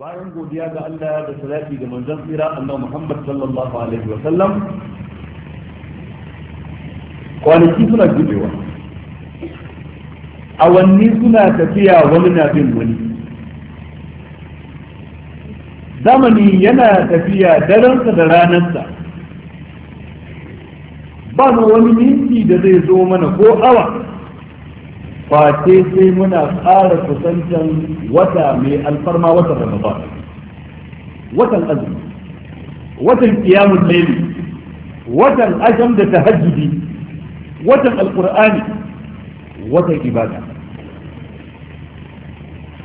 bayan godiya ga Allah da salati da manzon tsira Allah Muhammad sallallahu alaihi wa sallam kwanaki suna gudewa awanni suna tafiya wani na bin wani zamani yana tafiya daransa da ranarsa ba wani minti da zai zo mana ko awa face sai muna ƙara kusantan wata mai alfarma watan ramadan watan azumi watan qiyamul layl watan asham da tahajjudi watan alqur'ani watan ibada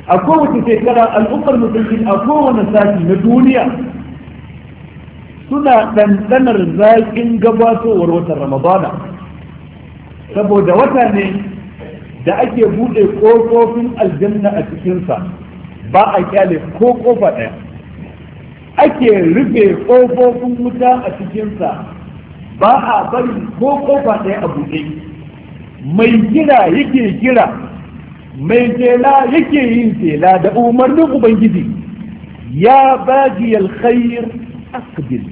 a kowace shekara al'ummar musulmi a kowane sati na duniya suna ɗanɗanar zaƙin gabatowar watan ramadana saboda wata ne da ake buɗe ƙofofin aljanna a cikinsa ba a kyale ko ƙofa ɗaya ake rufe ƙofofin wuta a cikinsa ba a bari ko ƙofa ɗaya a buɗe mai kira yake kira mai tela yake yin tela da umarnin ubangiji ya baji alkhair akbil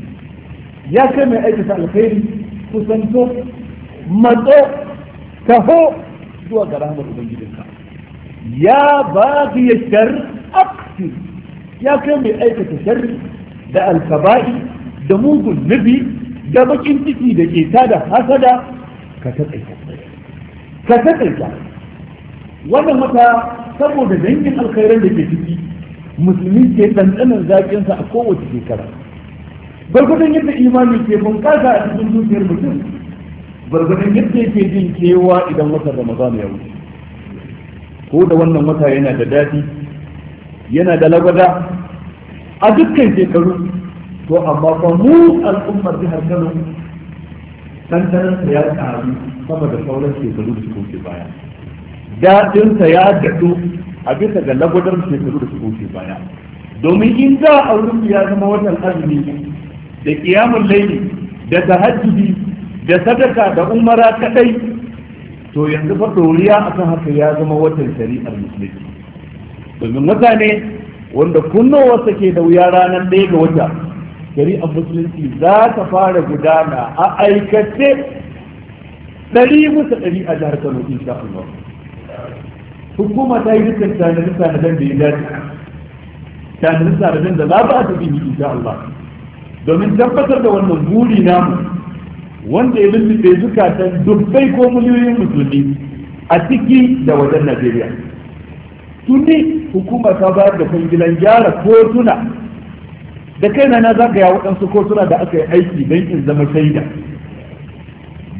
ya kai mai aikata alkhairi kusanto matso taho zuwa ga rahmar ubangijinka ya ya yashar aqsir ya kai mai aikata sharri da alkaba'i da mugun nabi da bakin ciki da keta da hasada ka taƙaita ka taƙaita wannan wata saboda dangin alkhairar da ke ciki musulmi ke ɗanɗanan zaƙinsa a kowace shekara gwargwadon yadda imani ke bunƙasa a cikin zuciyar mutum gwargwadon yadda yake jin kewa idan watan ramadan ya wuce ko da wannan wata yana da daɗi yana da lagwada a dukkan shekaru to amma fa mu al'ummar jihar kano tantanansa ya ƙaru sama da sauran shekaru da suka wuce baya daɗinsa ya daɗo a bisa ga lagwadar shekaru da suka wuce baya domin in za a wurin ya zama watan azumi da kiyamun laili da tahajjudi da sadaka da umara kadai to yanzu fa doriya akan haka ya zama watan shari'ar musulunci domin mutane wanda kunnowarsa ke da wuya ranar ɗaya ga wata shari'ar musulunci za ta fara gudana a aikace ɗari musu ɗari a jihar kano insha Allah hukuma ta yi dukkan tanadin tanadin da ya dace tanadin tanadin da za ba ta bi in insha Allah domin tabbatar da wannan buri namu wanda ya lullube zukatan dubbai ko miliyoyin musulmi a ciki da wajen najeriya tuni hukuma ta bayar da kungilan gyara kotuna da kaina na za ka zagaya waɗansu kotuna da aka yi aiki don in zama shaida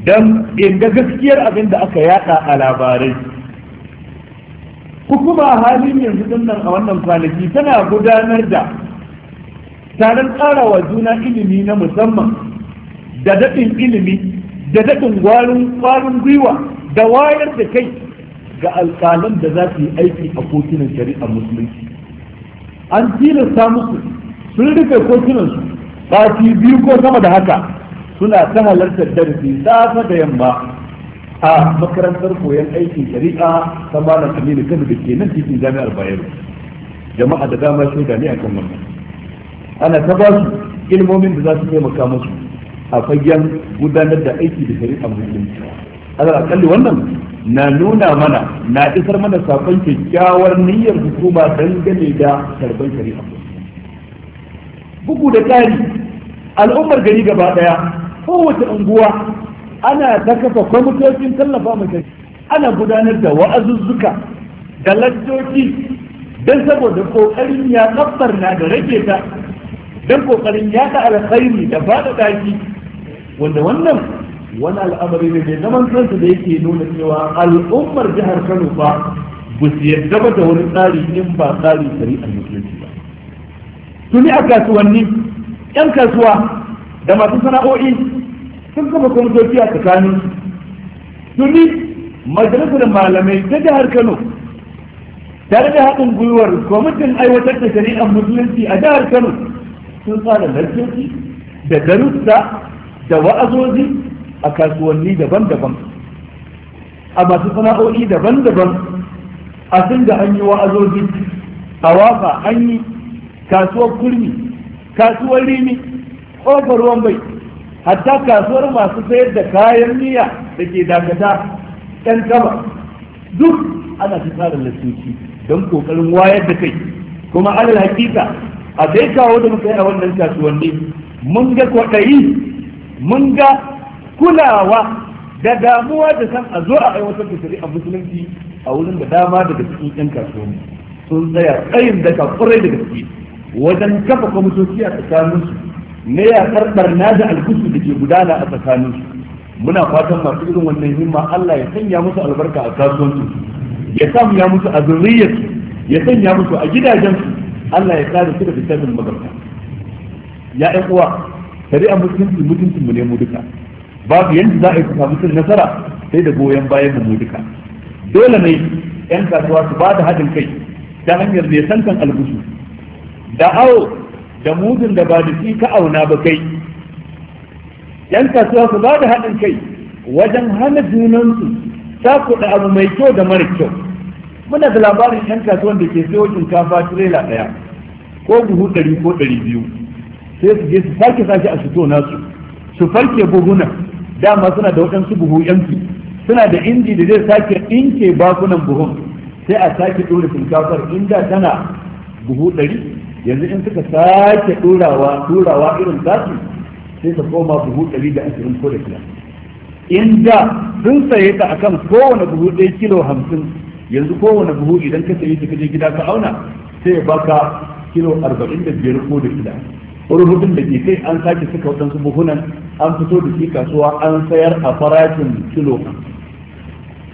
don in ga gaskiyar abin da aka yada a labarai hukuma halin yanzu nan a wannan kwanaki tana gudanar da taron wa juna ilimi na musamman da daɗin ilimi da daɗin ƙwarin gwiwa da wayar da kai ga alƙalan da za su yi aiki a kotunan shari'a musulunci an tilasta musu sun rufe kotunansu Fati biyu ko sama da haka suna ta halartar darasi safa da yamma a makarantar koyon aikin shari'a ta malam aminu kano da ke nan cikin jami'ar bayero jama'a da dama shaida ne kan wannan ana ta ba su ilmomin da za su taimaka musu a fagen gudanar da aiki da shari'a musulunci alal akalli wannan na nuna mana na isar mana sakon kyakkyawar niyyar hukuma dangane da karban shari'a bugu da kari al'ummar gari gaba ɗaya kowace unguwa ana ta kafa kwamitocin tallafa mai ana gudanar da wa'azuzzuka da lantoci don saboda ƙoƙarin ya na da rage ta don ƙoƙarin yaɗa alkhairi da fada ɗaki. wanda wannan wani al'amari ne mai zaman kansa da yake nuna cewa al'ummar jihar Kano ba, ba su yadda ba da wani tsari in ba tsari shari'ar musulunci ba tuni a kasuwanni yan kasuwa da masu sana'o'i sun kafa kwamitoci a tsakanin tuni majalisar malamai ta jihar Kano tare da haɗin gwiwar kwamitin aiwatar da shari'ar musulunci a jihar Kano sun tsara lantarki da darussa da wa'azozi a kasuwanni daban-daban a masu sana'o'i daban-daban a sun da an yi wa'azozi a wafa an yi kasuwar kurmi kasuwar rimi ƙofar ruwan bai hatta kasuwar masu sayar da kayan miya da ke dakata ɗan kaba duk ana fi tsarin don ƙoƙarin wayar da kai kuma alal hakika a dai kawo da muka yi a wannan kasuwanni mun ga kwaɗayi mun ga kulawa da damuwa da san a zo a aiwatar da shari'a musulunci a wurin da dama daga cikin yan sun tsaya tsayin ka kurai da gaske wajen kafa kwamitoci a tsakaninsu na karɓar na da algusu da ke gudana a tsakaninsu muna fatan masu irin wannan himma Allah ya sanya musu albarka a su, ya sanya musu a zurriyarsu ya sanya musu a gidajensu Allah ya kare su da fitar magarta ya ƴan uwa shari'a mutunci mutuncin mu ne mu duka babu yanda za a yi samu sun nasara sai da goyon bayan mu duka dole ne yan kasuwa su ba da haɗin kai ta hanyar ne sankan albusu da awo da mudun da ba da shi ka auna ba kai yan kasuwa su ba da haɗin kai wajen hana junansu kuɗa abu mai kyau da mara kyau muna da labarin yan kasuwan da ke siyo shinkafa tirela ɗaya ko buhu ɗari ko ɗari biyu sai su je su sake sake a fito nasu su farke buhuna dama suna da waɗansu buhu yanki suna da inji da zai sake ɗinke bakunan buhun sai a sake ɗora shinkafar inda tana buhu ɗari yanzu in suka sake ɗorawa turawa irin tasu sai ta koma buhu ɗari da ashirin ko da kila inda sun saye ta akan kowane buhu ɗaya kilo hamsin yanzu kowane buhu idan ka saye ta kaje gida ka auna sai ya baka kilo arba'in da biyar ko da kila rubutun da ke kai an sake suka waɗansu buhunan an fito da shi kasuwa an sayar a farashin kilo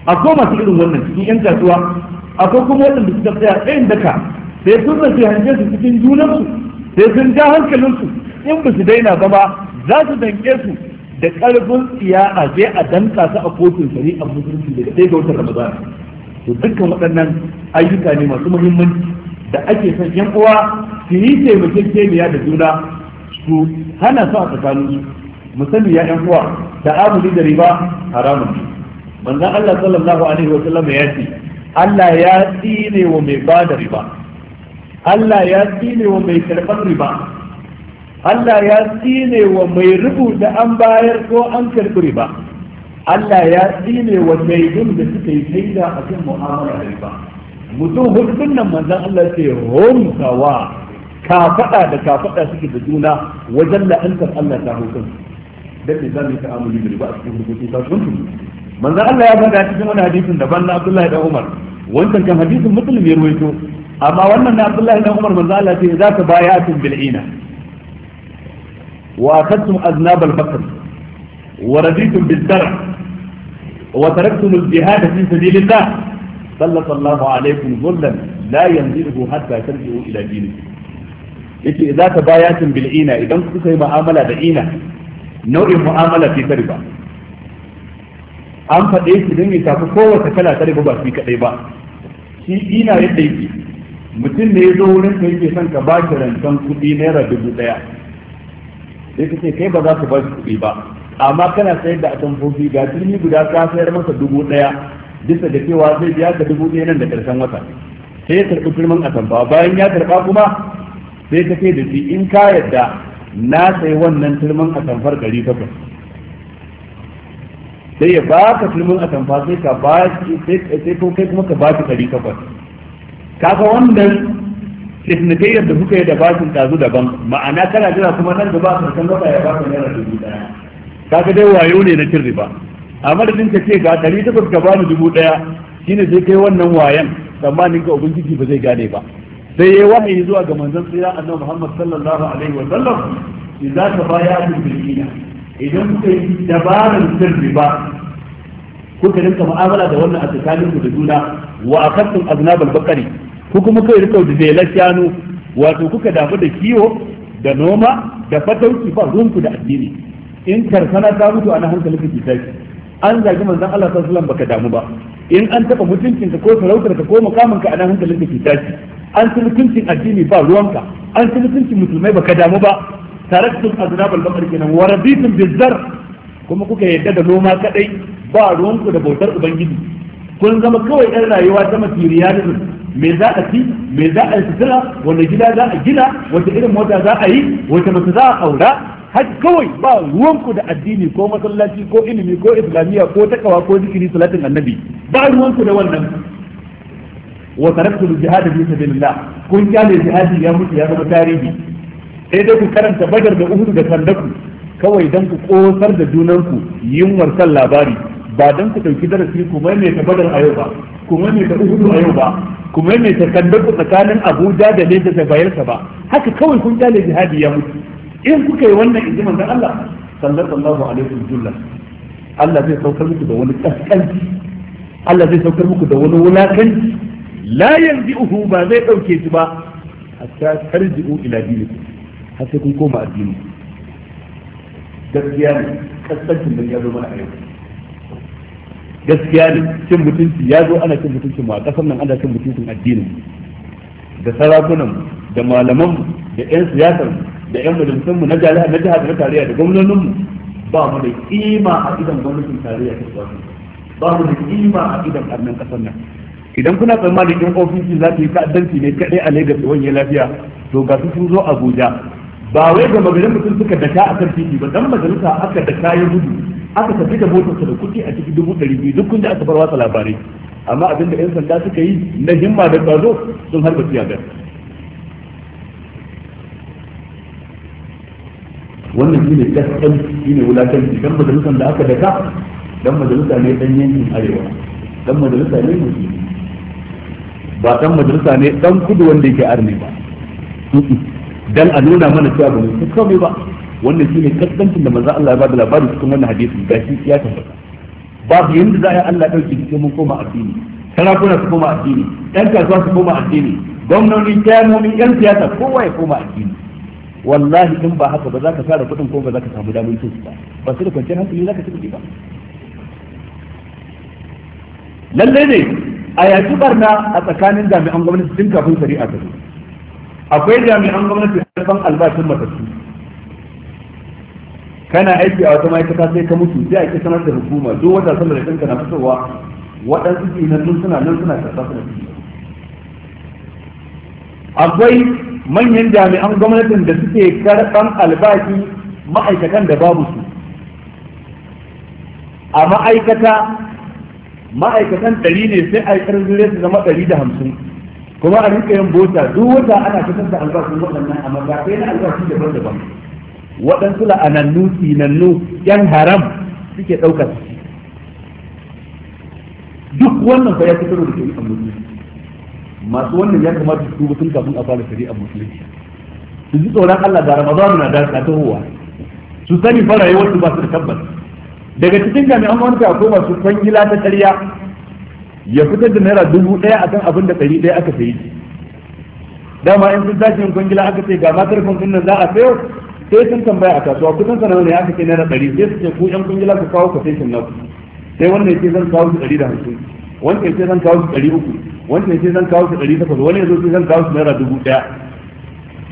ko masu irin wannan cikin yan kasuwa akwai kuma waɗanda suka tsaya tsayin daka sai sun rasu hanyar su cikin junansu sai sun ja hankalinsu in ba su daina ba ba za su danke su da ƙarfin tsiya a je a danka su a kotun a musulunci daga ɗaya ga watan ramadana. to dukkan waɗannan ayyuka ne masu muhimmanci da ake son yan uwa su yi taimakekeniya da juna su hana su a tsakanin su musamman ya ɗan uwa da amuli da riba haramun manzon Allah sallallahu alaihi wa sallam ya ce Allah ya tsine wa mai ba da riba Allah ya tsine wa mai karɓar riba Allah ya tsine wa mai rubuta an bayar ko an karɓi riba Allah ya tsine wa shaidun da suka yi shaida a cikin mu'amala da riba mutum hudun nan manzon Allah ce hum كافأة لكافأة سكي بدونا وجل أنت الله تعالى دل إذا لك آمني من الوقت كهر بوتي تاشون من ذا الله يبقى يتكلم عن حديث نبان عبد الله إلى عمر وانت كان حديث مسلم يرويته أما وانا عبد الله إلى عمر من ذا الله يتكلم إذا تبايعتم بالعينة وأخذتم أذناب الفقر ورديتم بالدرع وتركتم الجهاد في سبيل الله صلى الله عليكم ظلا لا ينزله حتى ترجعوا إلى دينكم yace idza baya bayatin bil ina idan ku yi mu'amala da ina nau'in mu'amala fi riba an faɗe shi don ya tafi kowace kala ta riba ba yi kaɗai ba shi ina yadda yake mutum ne ya zo wurin ka yake son ka ba ki rancen kuɗi naira dubu ɗaya sai ka ce kai ba za ka ba shi kuɗi ba amma kana sayar da atamfofi ga turmi guda ka sayar masa dubu ɗaya bisa da cewa zai biya ka dubu ɗaya nan da ƙarshen wata sai ya karɓi turmin atamfa bayan ya karɓa kuma sai ka da shi in ka yadda na sai wannan turmin a tamfar gari takwas sai ya baka turmin a tamfa sai ka ba sai ko kai kuma ka ba shi gari takwas kaga wannan teknikayyar da kuka yi da bashin tazu daban ma'ana kana jira kuma nan gaba a karshen wata ya baka naira dubu daya kaga dai wayo ne na cin riba a madadin ka ce ga ɗari takwas ka bani dubu ɗaya shine sai kai wannan wayan tsammanin ka ubangiji ba zai gane ba sai ya wahayi zuwa ga manzon tsira annabi Muhammad sallallahu alaihi wa sallam za ka baya ku bilkina idan kuka kai dabaran sirri ba kuka rinka mu'amala da wannan a tsakanin da juna wa akattum aznab al-baqari ku kuma kai rinka da delan shanu wato kuka dafa da kiwo da noma da fatauci ba ruwanku da addini in karsana ta mutu a ana hankali kake tashi an zagi manzon Allah sallallahu alaihi wasallam baka damu ba in an taba mutuncinka ko sarautarka ko makaminka ana hankalin kake tashi an ci mutuncin addini ba ruwanka an ci mutuncin musulmai baka damu ba taraktum aznab al-baqar kenan wa raditum bizar kuma kuka yadda da noma kadai ba ruwanku da bautar ubangiji kun zama kawai yan rayuwa ta materialism me za a ci me za a sutura wanda gida za a gina wata irin mota za a yi wata mace za a aura har kawai ba ruwanku da addini ko masallaci ko ilimi ko islamiyya ko takawa ko zikiri salatin annabi ba ruwanku da wannan wa taraktu al-jihad fi sabilillah kun kyale jihadi ya mutu ya zama tarihi sai dai ku karanta badar da uhud da sandaku kawai dan ku kosar da junanku yin kan labari ba dan ku dauki darasi ku mai mai ta badar a yau ba ku mai mai ta uhud a yau ba ku mai mai ta kandaku tsakanin abuja da lagos da bayelsa ba haka kawai kun kyale jihadi ya mutu in kuka yi wannan in ji manzon Allah sallallahu alaihi wasallam Allah zai saukar muku da wani kaskanci Allah zai saukar muku da wani wulakanci la yanzi'uhu ba zai ɗauke shi ba hatta tarji'u ila dinikum har sai kun koma addini gaskiya ne kasancin da ya zo mana a yau gaskiya ne cin mutunci ya zo ana cin mutuncin mu a ƙasar nan ana cin mutuncin addinin da sarakunan da malaman da yan siyasar da yan majalisun mu na jihar na jihar na tarayya da gwamnonin mu ba mu da kima a idan gwamnatin tarayya ta ba mu da kima a idan annan kasar nan idan kuna tsammanin yan ofisi za su yi ta'addanci ne kaɗai a Lagos wani lafiya to ga su sun zo Abuja ba wai ga magajin mutum suka daka a kan titi ba dan majalisa aka da ya gudu aka tafi da motarsa da kuɗi a cikin dubu ɗari biyu duk kun da aka bar wasa labarai amma abin da yan sanda suka yi na himma da tsaro sun harba tiyagar wannan shine gaskan shine wulakanci dan majalisan da aka daka dan majalisa ne dan yankin arewa dan majalisa ne mutum ba dan majalisa ne dan kudu wanda yake arni ba dan a nuna mana cewa ba mu kome ba wannan shine kaskancin da manzo Allah ya bada labari cikin wannan hadisi shi ya tabbata su yanda za a yi Allah dauke cikin mun koma addini sarakuna su koma addini yan kasuwa su koma addini gwamnoni kyamomi yan siyasa kowa ya koma addini wallahi in ba haka ba za ka tara kuɗin ko ba za ka samu damar cin ba ba su da kwanciyar hankali za ka ci ba lallai ne a yaki barna a tsakanin jami'an gwamnati tun kafin shari'a ta akwai jami'an gwamnati karban albashin matattu kana aiki a wata ma'aikata sai ka mutu sai a ke sanar da hukuma duk wata sanar da kanka na fitowa waɗansu ke nan suna nan suna karɓa suna akwai manyan jami'an gwamnatin da suke karɓan albashi ma'aikatan da babu su a ma'aikata ma'aikatan ɗari ne sai a yi ƙarfin su zama ɗari da hamsin kuma a rinka yin bota duk wata ana fitar da albashin waɗannan a matakai na albashi daban-daban waɗansu la'anannu tinannu yan haram suke ɗaukar su duk wannan fa ya fitar da a musulunci masu wannan ya kamata su tuba tun kafin a fara shari'a musulunci su ji tsoron Allah da Ramadan na da tahowa su sani fara yi wasu ba su da tabbata daga cikin jami'an gwamnati akwai masu kwangila ta karya ya fitar da naira dubu ɗaya kan abin da ɗari ɗaya aka sayi dama in sun tashi yin kwangila aka ce ga matar kwangila za a sayo sai sun tambaya a kasuwa kusan sanawa ne aka ce naira ɗari sai su ce ku yan kwangila ku kawo kwaseshin nan sai wannan ya ce zan kawo su ɗari da hamsin wanda ya ce zan kawo su ɗari uku wanda ya ce zan kawo su ɗari takwas wani ya zo sai zan kawo su naira dubu ɗaya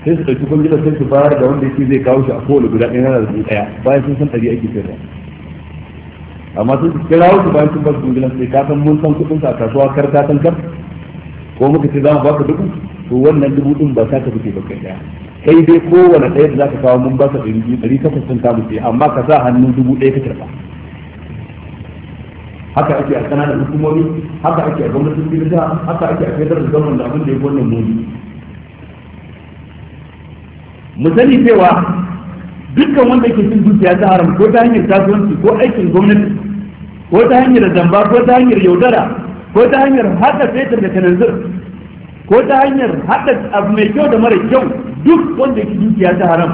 sai su ɗauki kwangila sai su bayar da wanda ya ce zai kawo shi a kowane guda ɗaya naira dubu ɗaya bayan sun san ɗari ake sayarwa amma sun kira wasu bayan sun basu gidan sai ka san mun san kudin sa kasuwa kar ka san kar ko muka ce za mu baka dubu to wannan dubu din ba ta ka fice ba kai daya kai dai kowane ɗaya da za ka kawo mun ba ka ɗari ɗari takwas sun kamu ce amma ka sa hannun dubu ɗaya ka karɓa haka ake a ƙananan hukumomi haka ake a gwamnatin birnin haka ake a da government da abin da ya wannan muni mu sani cewa dukkan wanda ke cin dukiya ta haram ko ta hanyar kasuwanci ko aikin gwamnati ko ta hanyar zamba ko ta hanyar yaudara ko ta hanyar haɗa fetur da kananzir ko ta hanyar haɗa abu mai kyau da mara kyau duk wanda ke dukiya ta haram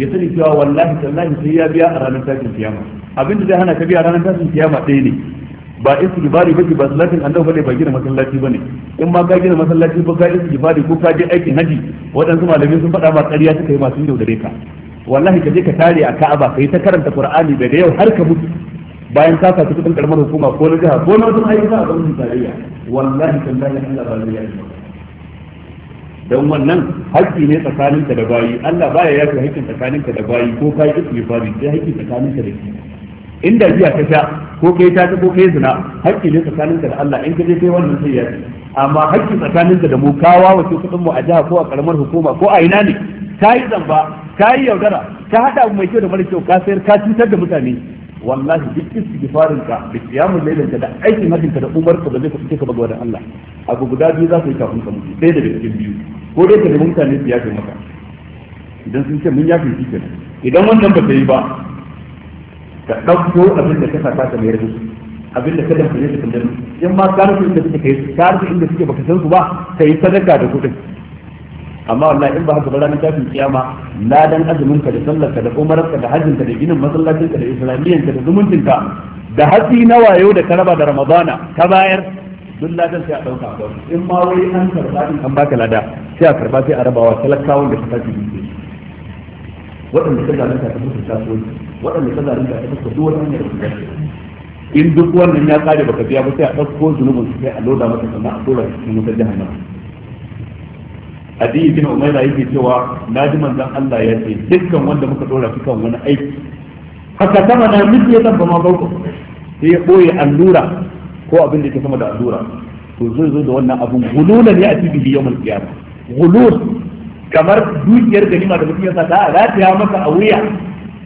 ya sani cewa wallahi tallahi sai ya biya a ranar tashin kiyama abinda zai hana ka biya a ranar tashin kiyama ɗaya ne ba istighfari bace ba salatin annabi bane ba gina masallaci bane in ma ka gina masallaci ba ka istighfari ko ka je aikin haji waɗansu malamai sun faɗa ma ƙarya suka yi masu yau da ka wallahi ka je ka tare a Ka'aba kai ta karanta Qur'ani Da yau har ka mutu bayan ka saka cikin karamar hukuma ko na jiha ko na wajen ayyuka a gwamnatin tarayya wallahi tallahi Allah ba zai yi dan wannan haƙƙi ne tsakaninka da bayi Allah baya ya yafi haƙƙin tsakaninka da bayi ko kai kike fari sai haƙƙi tsakaninka da shi inda jiya ka sha ko kai ta ta, ko kai zina haƙƙi ne tsakaninka da Allah in ka je kai wannan sai ya amma haƙƙi tsakaninka da mu kawa wace kuɗin mu a jiha ko a karamar hukuma ko a ina ne kai zamba ka yi yaudara ka haɗa abu mai kyau da mara kyau ka sayar ka cutar da mutane wallahi duk istighfarin ka da kiyamun lailan ka da aikin hajjin ka da umar ka da zai fice ka baga Allah abu guda biyu za su yi kafin ka mutu ɗaya daga cikin biyu ko dai ka nemi mutane su yafe maka idan sun ce mun yafe shi kenan idan wannan ba ta yi ba ka ɗauko abin da ka sa ka mayar musu abin da ka dafa ne da kan in ma ka rufe inda suke kai ka rufe inda suke baka san su ba ka yi sadaka da kuɗin amma wallahi in ba haka ba ranar kafin kiyama dan azumin ka da sallar ka da umarar ka da hajjin ka da ginin masallacin ka da islamiyyan ka da zumuncin ka da hatsi na wayo da karaba da ramadana ka bayar duk ladan sai a dauka ba in ma wai an karba din an baka lada sai a karba sai a rabawa talakawan da suka tafi waɗanda ka zalunta ta fuskar wadanda waɗanda ka zalunta ta fuskar duk wani hanyar da in duk wannan ya kare baka biya ba sai a dauko zunubin sai a loda masa sannan a tura cikin wutar jahannama adi bin umaira yake cewa na ji manzon Allah ya ce dukkan wanda muka dora shi kan wani aiki haka sama na miki ya zamba ma bauko sai ya boye allura ko abin da ke sama da allura to zai zo da wannan abun gululan ya ati bihi yawmal qiyamah gulul kamar dukiyar ganima da mutum ya sata a rataya masa a wuya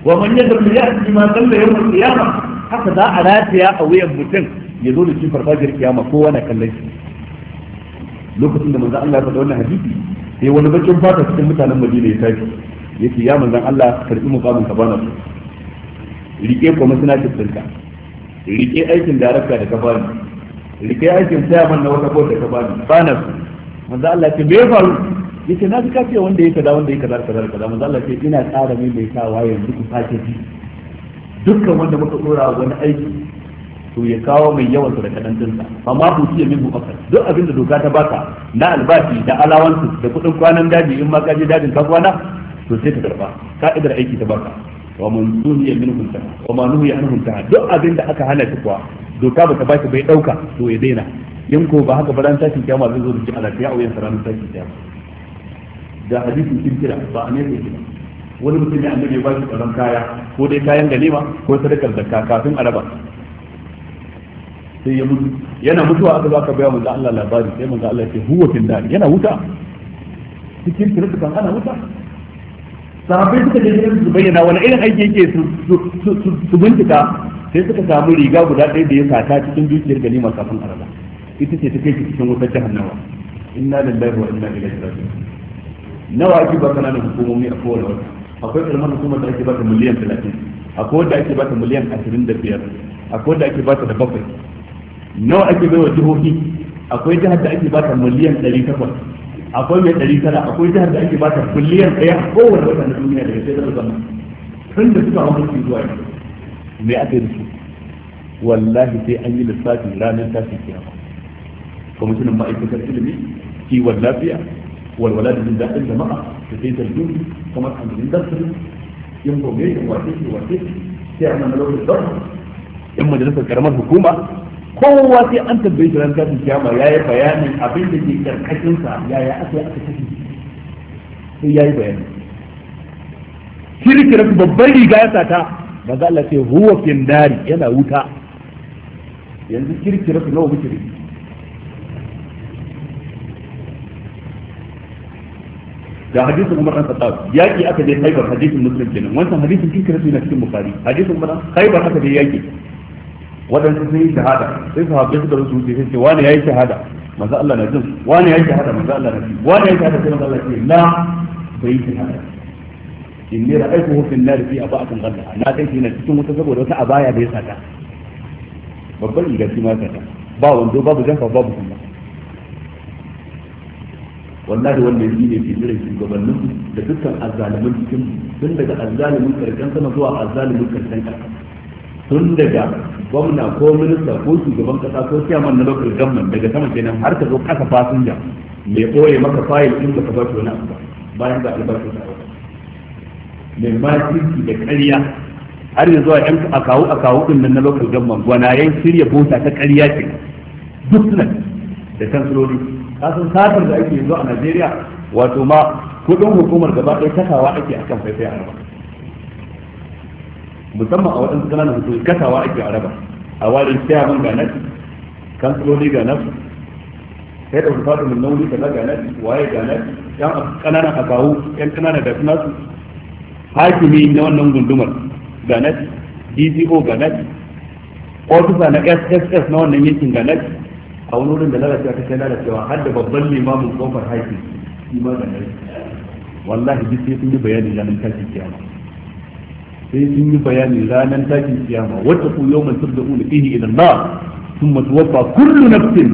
wa man yadr bi ya'ti ma salla yawmal qiyamah haka za a rafiya a wuyan mutum ya zo da shi farfajiyar kiyama ko wani kallon shi lokacin da manzo Allah ya faɗa wannan hadisi sai wani bakin fata cikin mutanen madina ya tafi yace ya manzan Allah karbi mukamin ka bana su rike commissionership ɗinka rike aikin darakta da ka bani rike aikin chairman na wata board da ka bani bana su manzon Allah ya ce me faru yace na ji kace wanda yake da wanda yake da kaza kaza manzon Allah ya ce ina tsara mai mai kawa yanzu ku fake ji dukkan wanda muka dora wani aiki to ya kawo mai yawan su da kadan dinsa fa ma bu tiya min bukatar duk abin da doka ta baka na albashi da alawansu da kudin kwanan daji in ma ka je dajin ka kwana to sai ka karba ka'idar aiki ta baka wa man ya min hunta wa ma nuhi an hunta duk abin da aka hana shi kuwa doka bata baki bai dauka to ya daina in ko ba haka ba ran tashin kiyama zai zo da ji alafiya Ya wayan ranar tashin kyamu da hadisin kirkira ba a ne kira wani mutum ya annabi ya ba shi tsaron kaya ko dai kayan ganima ko sadakar zakka kafin araba sai ya mutu yana mutuwa aka zaka baya manzo Allah labari sai manzo Allah ya ce huwa fil nar yana wuta cikin kirkukan ana wuta sahabbai suka je su bayyana wani irin aiki yake su bincika sai suka samu riga guda ɗaya da ya sata cikin dukiyar ganima kafin araba ita ce ta kai cikin wutar jahannama inna lillahi wa inna ilaihi raji'un nawa ake ba kana da hukumomi a kowane wata akwai karamar hukumar da ake ba ta miliyan 30 akwai wanda ake ba ta miliyan 25 akwai wanda ake ba ta da bakwai nawa ake baiwa jihohi akwai jihar da ake bata miliyan 800 akwai mai 900 akwai jihar da ake bata miliyan 1 a kowane wata na duniya daga sai da zama tun da suka hawa su zuwa yanzu me aka yi su wallahi sai an yi lissafi ranar tashi kiyama kwamishinan ma'aikatar ilimi kiwon lafiya walwala da jin daɗin jama'a da sai ta duni kamar hankalin dasiri yin gobe da wace ce wace ce sai a nan lokacin ɗaukar yan majalisar karamar hukuma kowa sai an tambaye shi ran tashin kiyama ya yi bayanin abin da ke karkashinsa yaya aka yi aka kashe sai ya yi bayani shirki rasu babban riga ya sata ba za Allah ce huwa kindari yana wuta yanzu shirki ku nawa muke da da hadisin Umar dan Khattab yaki aka je haifar hadisin Muslim kenan wannan hadisin shirki rasu yana cikin Bukhari hadisin Umar haifar aka je yaki waɗansu sun yi shahada sai sahabbai suka rusu wuce sai ce wani ya yi shahada Maza Allah na jin wani ya yi shahada Maza Allah na jin. wani ya yi shahada sai manzo Allah ce la bai shahada inni ra'aytuhu fil nar fi aba'atin ghadda na kai shi na cikin wuta saboda wata abaya da ya sata babban igaci ma sata ba wando babu jamfa babu kuma wallahi wannan shi ne ke jiran shugabannin da dukkan azzalimin cikin tun daga azzalimin karshen sama zuwa azzalimin karshen kasa tun daga gwamna ko minista ko shugaban kasa ko chairman na lokacin gamman daga sama kenan har ka zo kasa fasinja mai ɓoye maka fayil ɗin da ka ba wani abu bayan ba albarkar sa mai makirki da ƙarya har yanzu a kawo a kawo ɗin nan na lokacin government gwanayen shirya bota ta ƙarya ce duk nan da kansiloli kasan satar da ake yanzu a Najeriya wato ma kudin hukumar gaba ɗaya takawa ake akan faifai a musamman a waɗansu kananan su kasawa ake a raba a ware chairman ga nasu kansiloli ga nasu sai da fadu min nauyi ta ga nasu waye ga nasu yan kananan abawu yan kananan da su hakimi na wannan gundumar ga nasu dgo ga nasu ofisa na sss na wannan yankin ga nasu a wani wurin da lalacewa ta kai lalacewa har da babban limamin kofar haifin shi ma ga nasu wallahi duk sai sun yi bayanin ganin kashi kiyama sai sun yi bayani ranar takin siyama wata ku yau mai sabda ku fihi ila Allah sun matuwafa kullu nafsin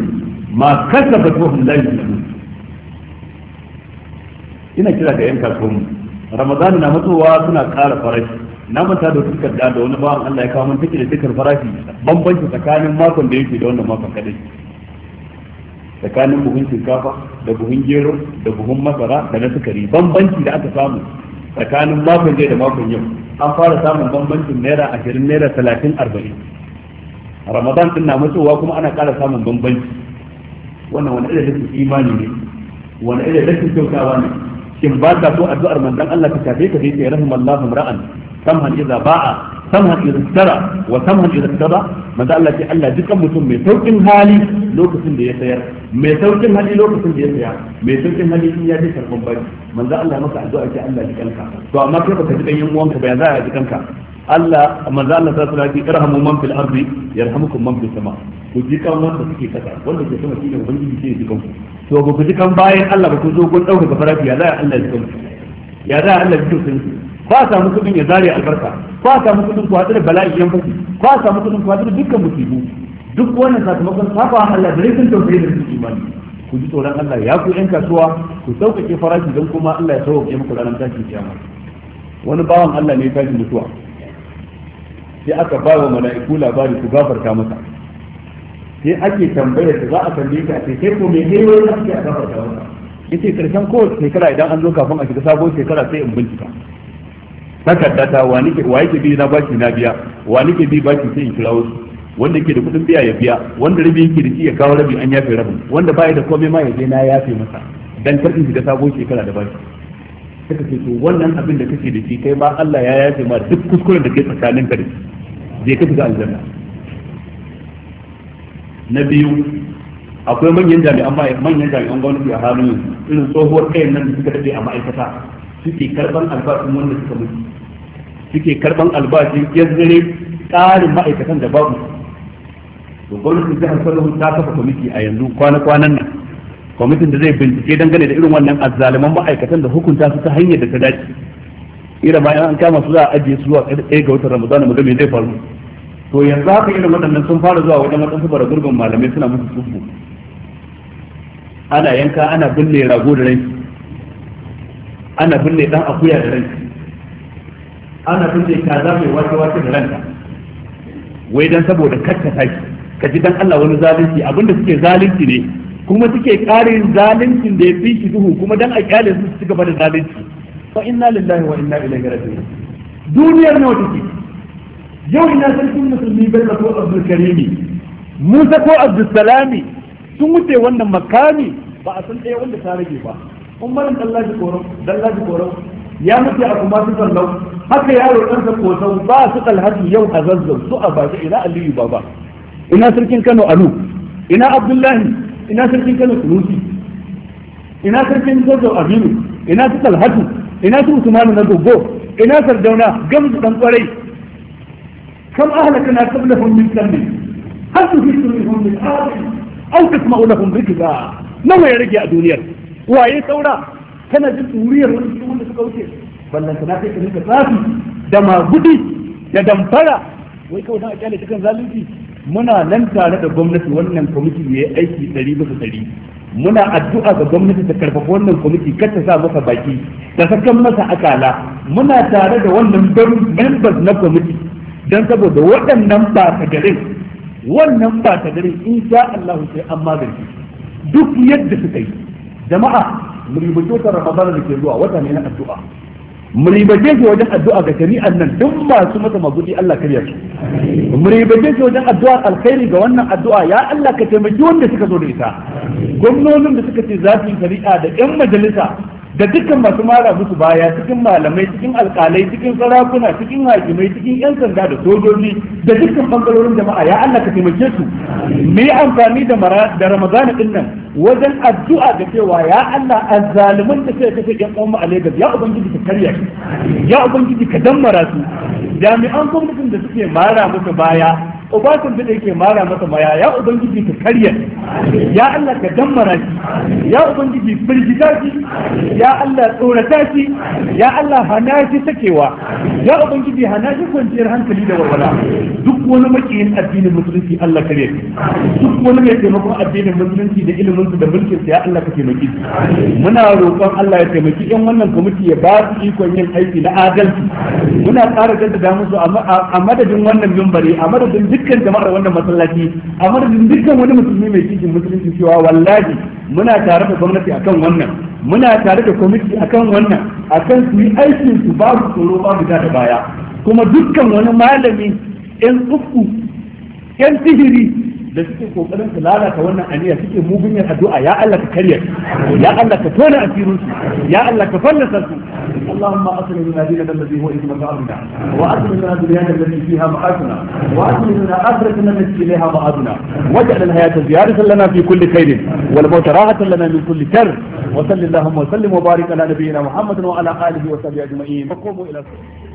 ma kasabat wa hum la yuzlamun ina kira ga yan mu ramadan na mutuwa suna kara farashi na manta da suka da da wani bawan Allah ya kawo mun take da tukar farashi bambanci tsakanin makon da yake da wannan makon kadai tsakanin buhun shinkafa da buhun gero da buhun masara da na sukari bambanci da aka samu tsakanin makon jiya da makon yau an fara samun bambancin naira ashirin naira talatin arba'in ramadan din na mutuwa kuma ana ƙara samun bambanci wannan wani irin rashin imani ne wani irin rashin kyautawa ne shin ba ka so addu'ar manzon Allah ta tafi ka sai rahimallahu ra'an samhan idza ba'a samhan idza tara wa samhan idza tara manzo Allah ce Allah dukan mutum mai saukin hali lokacin da ya sayar mai saukin hali lokacin da ya saya mai saukin hali in ya ji karban bari manzo Allah maka addu'a ce Allah dukan to amma kai baka ji dan yan uwanka ba yanzu ya dukan ka Allah manzo Allah ta sura ki irhamu man fil ardi yarhamukum man fis sama ku ji kan wanda suke kasa wanda ke sama shine ubangiji ke dukan ku to ba ku ji kan bayan Allah ba ku zo ku dauka farafi ya za Allah dukan ku ya za Allah dukan ku ba sa musu ya zare albarka ba samu kudin ku haɗu da bala'i yan fasi ba samu kudin ku haɗu da dukkan musibu duk wannan sakamakon safa Allah da rikin bai da imani ku ji tsoron Allah ya ku yan kasuwa ku sauƙaƙe farashi don kuma Allah ya sauƙaƙe muku ranar tashin kiyama wani bawan Allah ne ya tashi mutuwa sai aka ba wa mala'iku labari ku gafarta masa sai ake tambaya da za a tambaye ka sai sai ko me ne wani ake a gafarta masa yace karshen kowace shekara idan an zo kafin a shiga sabon shekara sai in bincika takaddata wa nake wa yake bi na bashi na biya wa nake bi bashi sai in kira wasu wanda yake da kudin biya ya biya wanda rabi yake da shi ya kawo rabi an yafe rabin wanda baya da komai ma ya je na yafe masa dan karfin shiga sabon shekara da bashi kaka ce to wannan abin da kake da shi kai ma Allah ya yafe ma duk kuskuren da ke tsakanin ka da shi je ka shiga aljanna na biyu akwai manyan jami'an manyan jami'an gwamnati a halin irin tsohuwar kayan nan da suka dade a ma'aikata suke karban albashin wanda suka mutu suke karban albashi ya zare ƙarin ma'aikatan da babu to ta jihar da ta kafa kwamiti a yanzu kwana-kwanan nan kwamitin da zai bincike dangane da irin wannan azzaliman ma'aikatan da hukunta su ta hanyar da ta dace irin ma an kama su za a ajiye su zuwa ɗaya ga watan Ramadan mu ga me zai faru to yanzu haka irin waɗannan sun fara zuwa wajen waɗansu bara gurbin malamai suna musu tsubbu ana yanka ana binne rago da rai ana binne dan akuya da rai ana tunje kaza mai wace wace da ranka wai dan saboda katta taki ka ji dan Allah wani zalunci abinda suke zalunci ne kuma suke karin zaluncin da ya fi shi duhu kuma dan a kyale su su gaba da zalunci fa inna lillahi wa inna ilaihi raji'un duniyar nawa take yau ina sarkin musulmi bello ko abdul karimi musa ko abdul salami sun wuce wannan makami ba a san ɗaya wanda ta rage ba umarin dallaji koron dallaji koron ya mutu a kuma su sallau haka yaro ɗansa kosau ba su kalhatu yau a zazzau su a bashi ina aliyu baba ina sarkin kano alu ina abdullahi ina sarkin kano sunusi ina sarkin zazzau aminu ina su kalhatu ina su usmanu na gogo ina sardauna gamsu dan kwarai kam ahlakana qablahum min qarnin hal tuhisu minhum min ahadin aw tasma'u lahum rikza nawa ya rage a duniyar waye saura kana jin tsuriyar wani cikin wanda suka wuce ballan na sai ka rinka tsafi da magudi da damfara wai kawai dan a kyale cikin zalunci muna nan tare da gwamnati wannan kwamiti ya yi aiki ɗari bisa ɗari muna addu'a ga gwamnati ta karfafa wannan kwamiti kar ta sa masa baki ta sakan masa akala muna tare da wannan members na kwamiti don saboda waɗannan ba ta garin wannan ba ta garin in sha Allah sai an magance duk yadda suka yi jama'a mu ribace ramadana da ke zuwa wata ne na addu'a mu shi wajen addu'a ga shari'an nan duk masu mata magudi Allah kariya su mu shi wajen addu'a alkhairi ga wannan addu'a ya Allah ka taimaki wanda suka zo da ita gwamnonin da suka ce zafin yi shari'a da yan majalisa da dukkan masu mara musu baya cikin malamai cikin alkalai cikin sarakuna cikin hakimai cikin yan sanda da sojoji da dukkan bangarorin jama'a ya Allah ka taimake su Me amfani da da ramadana din nan wajen addu'a da cewa ya Allah azzalimin da sai kace yan uwan a Legas, ya ubangiji ka karya ya ubangiji ka dammara su jami'an gwamnatin da suke mara musu baya ubatun da yake mara masa maya ya ubangiji ka karya ya Allah ka dammara shi ya ubangiji firgita shi ya Allah tsorata shi ya Allah hana shi sakewa ya ubangiji hana shi kwanciyar hankali da walwala duk wani makiyin addinin musulunci Allah kare duk wani mai taimakon addinin musulunci da ilimin da mulkin sa ya Allah ka taimaki muna roƙon Allah ya taimaki in wannan kwamiti ya ba su ikon yin aiki na adalci muna ƙara jaddada musu a madadin wannan mimbari a madadin dukkan jama'ar wannan masallaci a madadin dukkan wani musulmi mai cikin musulunci cewa wallahi muna tare da gwamnati akan wannan muna tare da kwamiti akan wannan akan su yi aikin su babu tsoro babu ta da baya kuma dukkan wani malami yan uku yan sihiri da suke kokarin su lalata wannan aniya suke mugunyar addu'a ya Allah ka karya ya Allah ka tona asirin su ya Allah ka fallasa su اللهم اصل لنا ديننا الذي هو اسمك امرنا واصل لنا دنيانا التي فيها معاشنا واصل لنا اخرتنا التي اليها معادنا واجعل الحياه زياره لنا في كل خير والموت راحه لنا من كل شر وصل اللهم وسلم وبارك على نبينا محمد وعلى اله وصحبه اجمعين وقوموا الى الصلاه